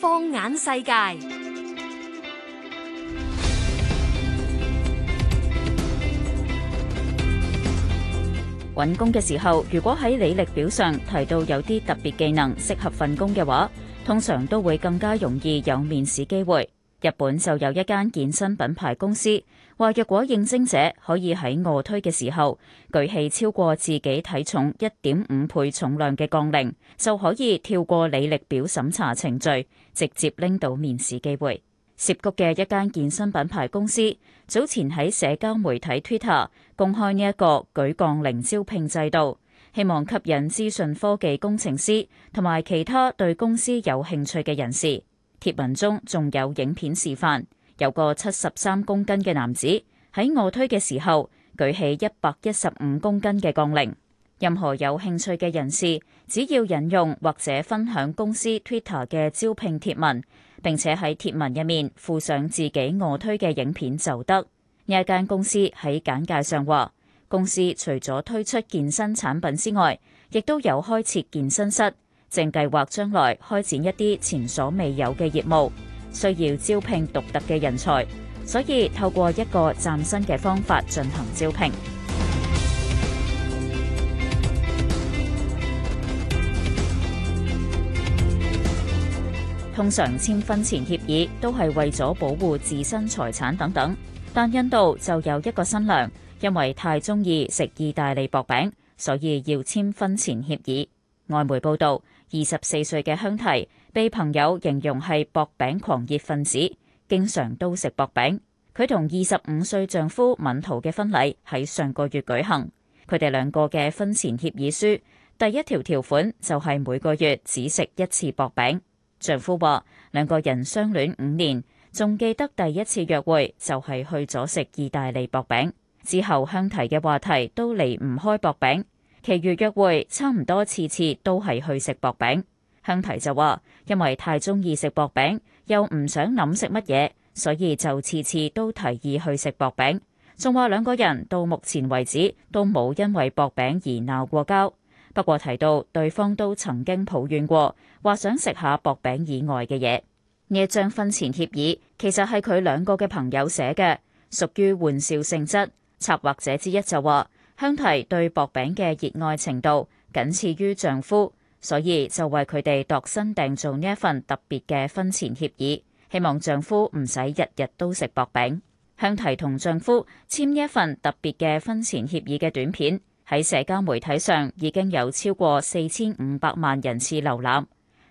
放眼世界，揾工嘅時候，如果喺履歷表上提到有啲特別技能適合份工嘅話，通常都會更加容易有面試機會。日本就有一間健身品牌公司話，若果應徵者可以喺臥推嘅時候舉起超過自己體重一點五倍重量嘅槓鈴，就可以跳過履歷表審查程序，直接拎到面試機會。涉谷嘅一間健身品牌公司早前喺社交媒體 Twitter 公開呢一個舉槓鈴招聘制度，希望吸引資訊科技工程師同埋其他對公司有興趣嘅人士。帖文中仲有影片示範，有個七十三公斤嘅男子喺卧推嘅時候舉起一百一十五公斤嘅槓鈴。任何有興趣嘅人士，只要引用或者分享公司 Twitter 嘅招聘帖文，並且喺帖文入面附上自己卧推嘅影片就得。呢一間公司喺簡介上話，公司除咗推出健身產品之外，亦都有開設健身室。正計劃將來開展一啲前所未有嘅業務，需要招聘獨特嘅人才，所以透過一個嶄新嘅方法進行招聘。 通常簽婚前協議都係為咗保護自身財產等等，但印度就有一個新娘因為太中意食意大利薄餅，所以要簽婚前協議。外媒報道，二十四歲嘅香緹被朋友形容係薄餅狂熱分子，經常都食薄餅。佢同二十五歲丈夫敏濤嘅婚禮喺上個月舉行。佢哋兩個嘅婚前協議書，第一條條款就係每個月只食一次薄餅。丈夫話，兩個人相戀五年，仲記得第一次約會就係去咗食意大利薄餅。之後香緹嘅話題都離唔開薄餅。其餘約會差唔多次次都係去食薄餅，向提就話因為太中意食薄餅，又唔想諗食乜嘢，所以就次次都提議去食薄餅。仲話兩個人到目前為止都冇因為薄餅而鬧過交。不過提到對方都曾經抱怨過，話想食下薄餅以外嘅嘢。呢張婚前協議其實係佢兩個嘅朋友寫嘅，屬於玩笑性質。策劃者之一就話。香提對薄餅嘅熱愛程度僅次於丈夫，所以就為佢哋度身訂做呢一份特別嘅婚前協議，希望丈夫唔使日日都食薄餅。香提同丈夫簽呢一份特別嘅婚前協議嘅短片喺社交媒體上已經有超過四千五百萬人次瀏覽。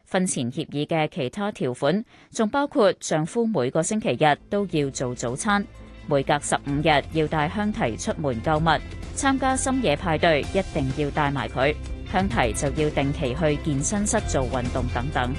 婚前協議嘅其他條款仲包括丈夫每個星期日都要做早餐。每隔十五日要帶香緹出門購物，參加深夜派對一定要帶埋佢，香緹就要定期去健身室做運動等等。